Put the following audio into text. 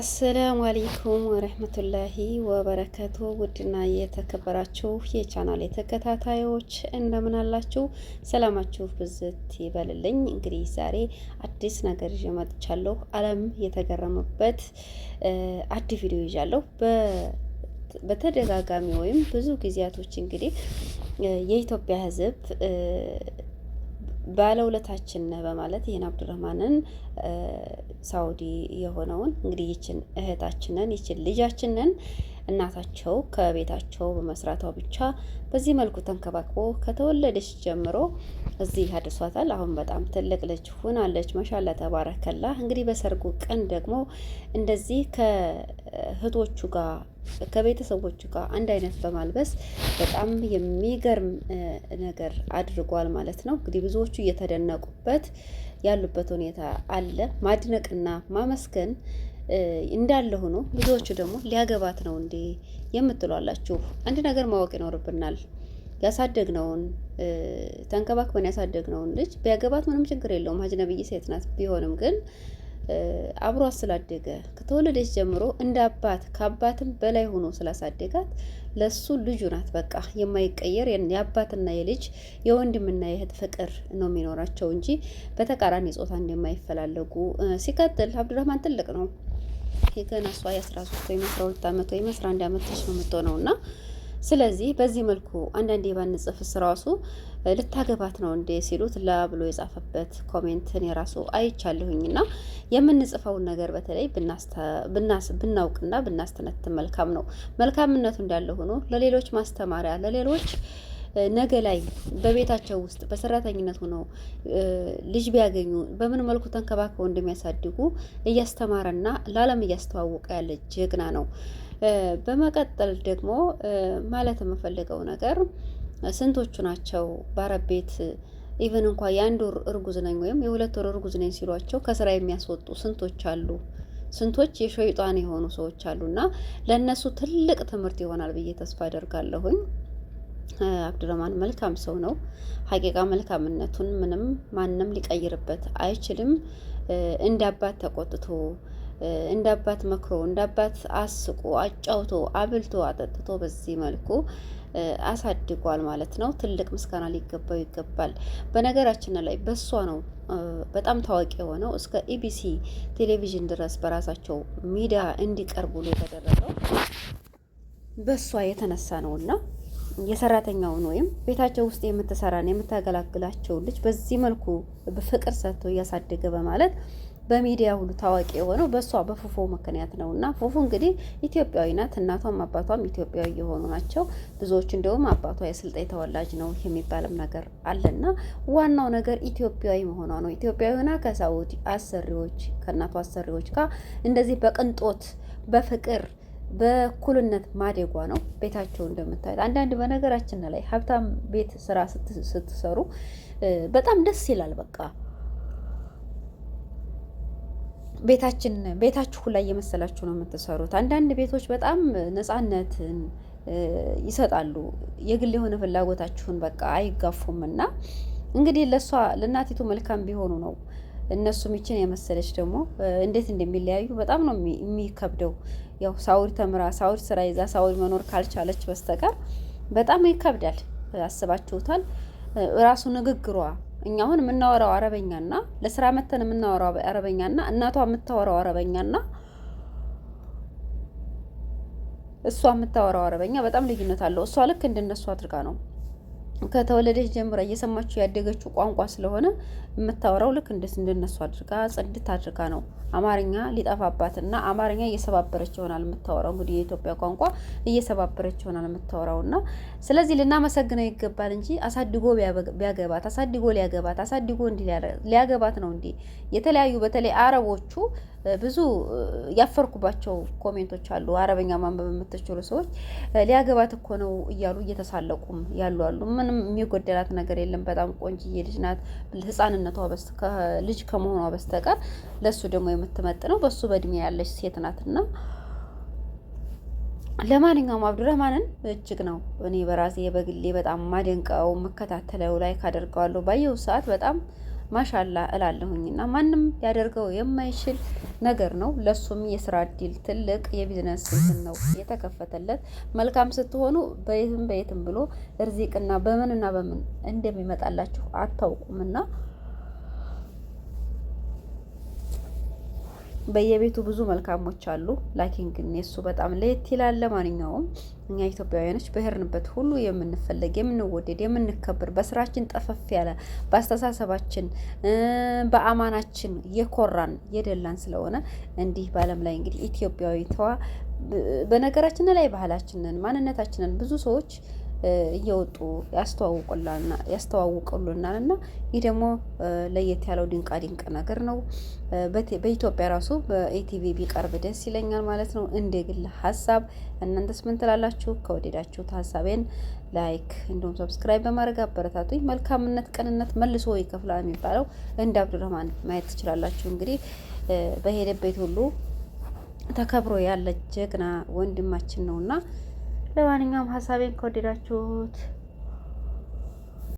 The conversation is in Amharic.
አሰላሙ አለይኩም ወረህመቱላሂ ወበረከቱ። ውድና የተከበራችሁ የቻናል የተከታታዮች እንደምን አላችሁ? ሰላማችሁ ብዝት ይበልልኝ። እንግዲህ ዛሬ አዲስ ነገር ይዤ መጥቻለሁ። ዓለም የተገረመበት አዲስ ቪዲዮ ይዣለሁ። በተደጋጋሚ ወይም ብዙ ጊዜያቶች እንግዲህ የኢትዮጵያ ሕዝብ ባለውለታችን በማለት ይህን አብዱረህማንን ሳውዲ የሆነውን እንግዲህ ይችን እህታችንን ይችን ልጃችንን እናታቸው ከቤታቸው በመስራቷ ብቻ በዚህ መልኩ ተንከባክቦ ከተወለደች ጀምሮ እዚህ አድርሷታል። አሁን በጣም ትልቅ ልጅ ሆናለች። መሻላ ተባረከላ። እንግዲህ በሰርጉ ቀን ደግሞ እንደዚህ ከእህቶቹ ጋር ከቤተሰቦቹ ጋር አንድ አይነት በማልበስ በጣም የሚገርም ነገር አድርጓል ማለት ነው። እንግዲህ ብዙዎቹ እየተደነቁበት ያሉበት ሁኔታ አለ። ማድነቅና ማመስገን እንዳለ ሆኖ ብዙዎቹ ደግሞ ሊያገባት ነው እንዴ የምትሏላችሁ፣ አንድ ነገር ማወቅ ይኖርብናል። ያሳደግነውን ተንከባክበን ያሳደግነውን ልጅ ቢያገባት ምንም ችግር የለውም። ሀጅነብይ ሴት ናት። ቢሆንም ግን አብሮ ስላደገ ከተወለደች ጀምሮ እንደ አባት ከአባትም በላይ ሆኖ ስላሳደጋት ለሱ ልጁ ናት። በቃ የማይቀየር የአባትና የልጅ የወንድምና የእህት ፍቅር ነው የሚኖራቸው እንጂ በተቃራኒ ጾታ እንደማይፈላለጉ። ሲቀጥል አብዱራህማን ትልቅ ነው። የገና እሷ የ13 ወይም 12 ዓመት ወይም 11 ዓመት አመት ነው የምትሆነው እና ስለዚህ በዚህ መልኩ አንዳንዴ ባንጽፍ ስራሱ ልታገባት ነው እንዴ ሲሉት ላ ብሎ የጻፈበት ኮሜንትን የራሱ ና የምንጽፈውን ነገር በተለይ ብናውቅና ብናስተነትን መልካም ነው። መልካምነቱ እንዳለ ሆኖ ለሌሎች ማስተማሪያ ለሌሎች ነገ ላይ በቤታቸው ውስጥ በሰራተኝነት ሆነው ልጅ ቢያገኙ በምን መልኩ ተንከባክበው እንደሚያሳድጉ እያስተማረና ለዓለም እያስተዋወቀ ያለ ጀግና ነው። በመቀጠል ደግሞ ማለት የምፈልገው ነገር ስንቶቹ ናቸው በአረብ ቤት ኢቨን እንኳ የአንድ ወር እርጉዝ ነኝ ወይም የሁለት ወር እርጉዝ ነኝ ሲሏቸው ከስራ የሚያስወጡ ስንቶች አሉ። ስንቶች የሸይጣን የሆኑ ሰዎች አሉና ለእነሱ ትልቅ ትምህርት ይሆናል ብዬ ተስፋ አደርጋለሁኝ። አብዱረማን መልካም ሰው ነው። ሀቂቃ መልካምነቱን ምንም ማንም ሊቀይርበት አይችልም። እንደ አባት ተቆጥቶ እንደ አባት መክሮ እንደ አባት አስቆ አጫውቶ አብልቶ አጠጥቶ በዚህ መልኩ አሳድጓል ማለት ነው። ትልቅ ምስጋና ሊገባው ይገባል። በነገራችን ላይ በሷ ነው በጣም ታዋቂ የሆነው እስከ ኢቢሲ ቴሌቪዥን ድረስ በራሳቸው ሚዲያ እንዲቀርቡ የተደረገው በእሷ የተነሳ ነውና የሰራተኛውን ወይም ቤታቸው ውስጥ የምትሰራን የምታገላግላቸውን ልጅ በዚህ መልኩ ፍቅር ሰጥቶ እያሳደገ በማለት በሚዲያ ሁሉ ታዋቂ የሆነው በእሷ በፉፉ ምክንያት ነው። እና ፉፉ እንግዲህ ኢትዮጵያዊ ናት፣ እናቷም አባቷም ኢትዮጵያዊ የሆኑ ናቸው። ብዙዎች እንደውም አባቷ የስልጤ ተወላጅ ነው የሚባልም ነገር አለና ዋናው ነገር ኢትዮጵያዊ መሆኗ ነው። ኢትዮጵያዊ ሆና ከሳውዲ አሰሪዎች ከእናቷ አሰሪዎች ጋር እንደዚህ በቅንጦት በፍቅር በእኩልነት ማደጓ ነው። ቤታቸው እንደምታዩት አንዳንድ በነገራችን ላይ ሀብታም ቤት ስራ ስትሰሩ በጣም ደስ ይላል በቃ ቤታችን ቤታችሁ ላይ እየመሰላችሁ ነው የምትሰሩት። አንዳንድ ቤቶች በጣም ነፃነትን ይሰጣሉ። የግል የሆነ ፍላጎታችሁን በቃ አይጋፉም። እና እንግዲህ ለእሷ ለእናቲቱ መልካም ቢሆኑ ነው። እነሱ ሚችን የመሰለች ደግሞ እንዴት እንደሚለያዩ በጣም ነው የሚከብደው። ያው ሳውድ ተምራ ሳውድ ስራ ይዛ ሳውድ መኖር ካልቻለች በስተቀር በጣም ይከብዳል። አስባችሁታል? እራሱ ንግግሯ እኛ አሁን የምናወራው አረበኛና ለስራ መተን የምናወራው አረበኛና እናቷ የምታወራው አረበኛና እሷ የምታወራው አረበኛ በጣም ልዩነት አለው። እሷ ልክ እንደነሱ አድርጋ ነው ከተወለደች ጀምራ እየሰማችው ያደገችው ቋንቋ ስለሆነ የምታወራው ልክ እንደስ እንደነሱ አድርጋ ጽድት አድርጋ ነው አማርኛ ሊጠፋባትና አማርኛ እየሰባበረች ይሆናል የምታወራው። እንግዲህ የኢትዮጵያ ቋንቋ እየሰባበረች ይሆናል የምታወራውና ስለዚህ ልናመሰግነው ይገባል እንጂ አሳድጎ ቢያገባት አሳድጎ ሊያገባት አሳድጎ እንዲ ሊያገባት ነው እንዲ የተለያዩ በተለይ አረቦቹ ብዙ ያፈርኩባቸው ኮሜንቶች አሉ። አረበኛ ማንበብ የምትችሉ ሰዎች ሊያገባት እኮ ነው እያሉ እየተሳለቁም ያሉ አሉ። ምን ምንም የሚጎደላት ነገር የለም። በጣም ቆንጅዬ ልጅ ናት። ህጻንነቷ ልጅ ከመሆኗ በስተቀር ለእሱ ደግሞ የምትመጥ ነው። በእሱ በእድሜ ያለች ሴት ናትና ለማንኛውም አብዱረህማንን እጅግ ነው እኔ በራሴ በግሌ በጣም ማደንቀው መከታተለው ላይ ካደርገዋለሁ ባየው ሰዓት በጣም ማሻላ እና ማንም ያደርገው የማይችል ነገር ነው። ለሱም የስራ እድል ትልቅ የቢዝነስ ስልት ነው የተከፈተለት። መልካም ስትሆኑ በየትም በየትም ብሎ እርዚቅና በምንና በምን እንደሚመጣላችሁ አታውቁምና በየቤቱ ብዙ መልካሞች አሉ። ላኪን ግን የእሱ በጣም ለየት ይላል። ለማንኛውም እኛ ኢትዮጵያውያኖች በሄርንበት ሁሉ የምንፈለግ፣ የምንወደድ፣ የምንከብር በስራችን ጠፈፍ ያለ በአስተሳሰባችን፣ በአማናችን የኮራን የደላን ስለሆነ እንዲህ በዓለም ላይ እንግዲህ ኢትዮጵያዊቷ በነገራችን ላይ ባህላችንን ማንነታችንን ብዙ ሰዎች እየወጡ ያስተዋውቁልናል እና ይህ ደግሞ ለየት ያለው ድንቃ ድንቅ ነገር ነው። በኢትዮጵያ ራሱ በኤቲቪ ቢቀርብ ደስ ይለኛል ማለት ነው። እንደ ግል ሀሳብ እናንተስ ምን ትላላችሁ? ከወደዳችሁት ሀሳቤን ላይክ እንዲሁም ሰብስክራይብ በማድረግ አበረታቱኝ። መልካምነት፣ ቅንነት መልሶ ይከፍላል የሚባለው እንደ አብዱረህማን ማየት ትችላላችሁ። እንግዲህ በሄደበት ሁሉ ተከብሮ ያለ ጀግና ወንድማችን ነውና ለማንኛውም ሀሳቤን ከወደዳችሁት